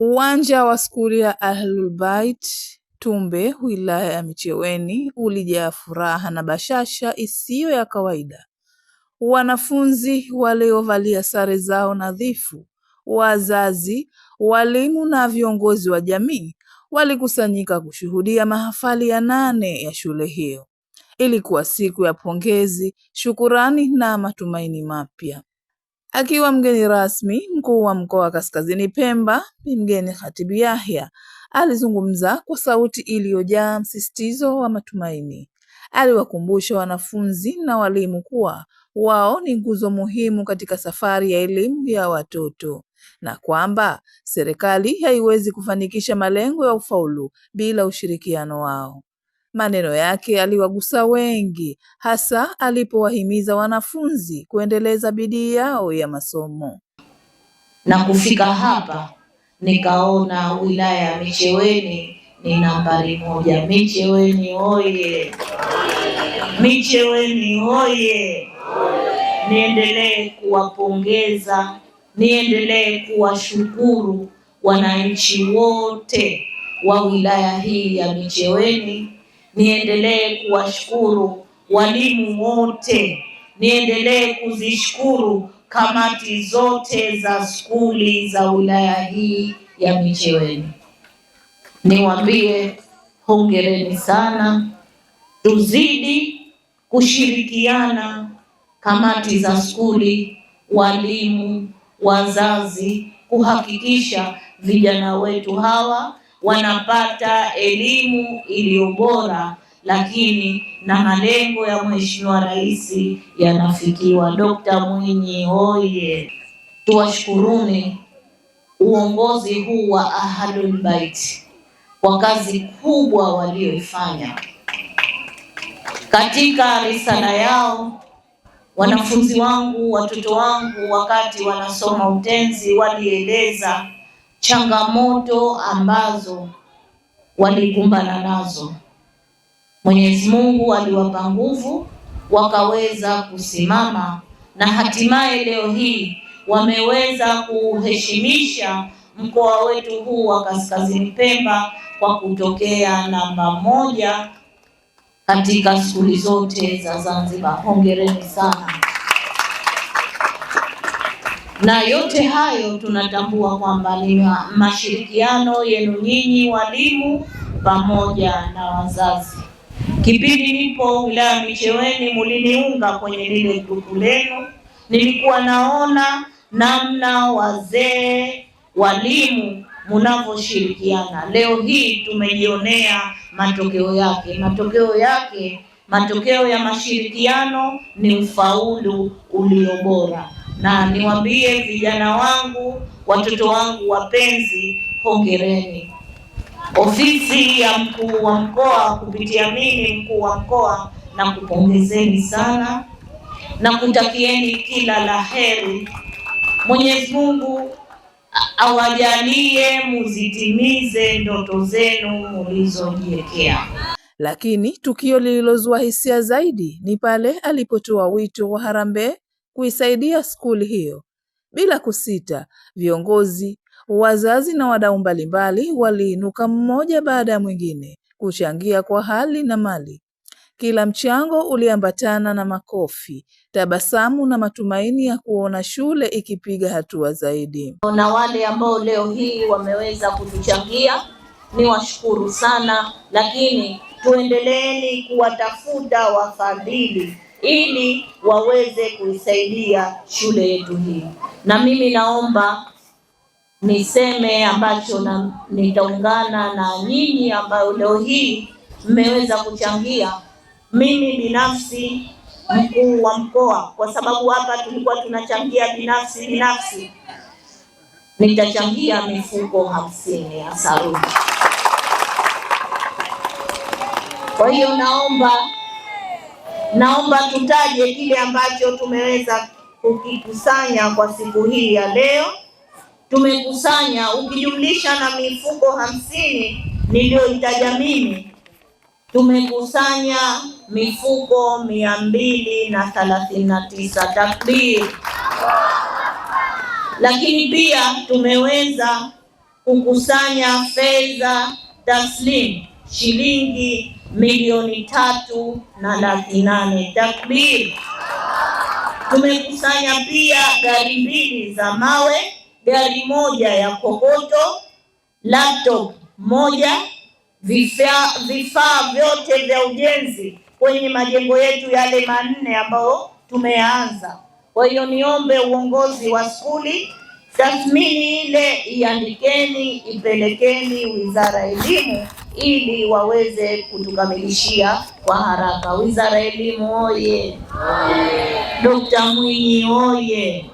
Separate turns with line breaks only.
Uwanja wa skuli ya Ahlul Bait Tumbe wilaya ya Micheweni ulijaa furaha na bashasha isiyo ya kawaida. Wanafunzi waliovalia sare zao nadhifu, wazazi, walimu na viongozi wa jamii walikusanyika kushuhudia mahafali ya nane ya shule hiyo. Ilikuwa siku ya pongezi, shukurani na matumaini mapya. Akiwa mgeni rasmi, mkuu wa mkoa wa Kaskazini Pemba ni mgeni Khatibu Yahya alizungumza kwa sauti iliyojaa msisitizo wa matumaini. Aliwakumbusha wanafunzi na walimu kuwa wao ni nguzo muhimu katika safari ya elimu ya watoto na kwamba serikali haiwezi kufanikisha malengo ya ufaulu bila ushirikiano wao. Maneno yake aliwagusa wengi, hasa alipowahimiza wanafunzi kuendeleza bidii yao ya masomo. Na kufika hapa nikaona wilaya ya Micheweni ni nambari moja. Micheweni oye! Micheweni oye! Niendelee kuwapongeza, niendelee kuwashukuru wananchi wote wa wilaya hii ya Micheweni niendelee kuwashukuru walimu wote, niendelee kuzishukuru kamati zote za skuli za wilaya hii ya Micheweni. Niwaambie hongereni sana, tuzidi kushirikiana kamati za skuli, walimu, wazazi kuhakikisha vijana wetu hawa wanapata elimu iliyo bora, lakini na malengo ya Mheshimiwa Rais yanafikiwa. Dkt. Mwinyi oye! Tuwashukuruni uongozi huu wa Ahlul Bait kwa kazi kubwa walioifanya katika risala yao. Wanafunzi wangu, watoto wangu, wakati wanasoma utenzi, walieleza changamoto ambazo walikumbana nazo. Mwenyezi Mungu aliwapa nguvu wakaweza kusimama na hatimaye leo hii wameweza kuheshimisha mkoa wetu huu wa Kaskazini Pemba kwa kutokea namba moja katika skuli zote za Zanzibar. Hongereni sana na yote hayo tunatambua kwamba ni mashirikiano yenu nyinyi walimu pamoja na wazazi. Kipindi nipo wilaya Micheweni, muliniunga kwenye lile grupu lenu, nilikuwa naona namna wazee walimu mnavyoshirikiana. Leo hii tumejionea matokeo yake. Matokeo yake, matokeo ya mashirikiano ni ufaulu ulio bora na niwaambie vijana wangu, watoto wangu wapenzi, hongereni. Ofisi ya mkuu wa mkoa kupitia mimi mkuu wa mkoa na kupongezeni sana na kutakieni kila la heri. Mwenyezi Mungu awajalie muzitimize ndoto zenu mulizojiwekea.
Lakini tukio lililozua hisia zaidi ni pale alipotoa wito wa harambee kuisaidia skuli hiyo. Bila kusita, viongozi, wazazi na wadau mbalimbali waliinuka mmoja baada ya mwingine kuchangia kwa hali na mali. Kila mchango uliambatana na makofi, tabasamu na matumaini ya kuona shule ikipiga hatua zaidi.
Na wale ambao leo hii wameweza kutuchangia ni washukuru sana, lakini tuendeleeni kuwatafuta wafadhili ili waweze kuisaidia shule yetu hii. Na mimi naomba niseme ambacho na, nitaungana na nyinyi ambayo leo hii mmeweza kuchangia. Mimi binafsi mkuu wa mkoa, kwa sababu hapa tulikuwa tunachangia binafsi binafsi, nitachangia mifuko hamsini ya saruji. Kwa hiyo naomba Naomba tutaje kile ambacho tumeweza kukikusanya kwa siku hii ya leo. Tumekusanya ukijumlisha na mifuko hamsini niliyoitaja mimi, tumekusanya mifuko mia mbili na thalathini na tisa. Takbiri! Lakini pia tumeweza kukusanya fedha taslimu shilingi milioni tatu na laki nane. Takbir! Tumekusanya pia gari mbili za mawe, gari moja ya kokoto, laptop moja, vifaa vifaa vyote vya ujenzi kwenye majengo yetu yale manne ambayo tumeanza. Kwa hiyo niombe uongozi wa skuli, tathmini ile iandikeni, ipelekeni wizara ya elimu ili waweze kutukamilishia kwa haraka. Wizara ya Elimu oye! Dokta Mwinyi oye!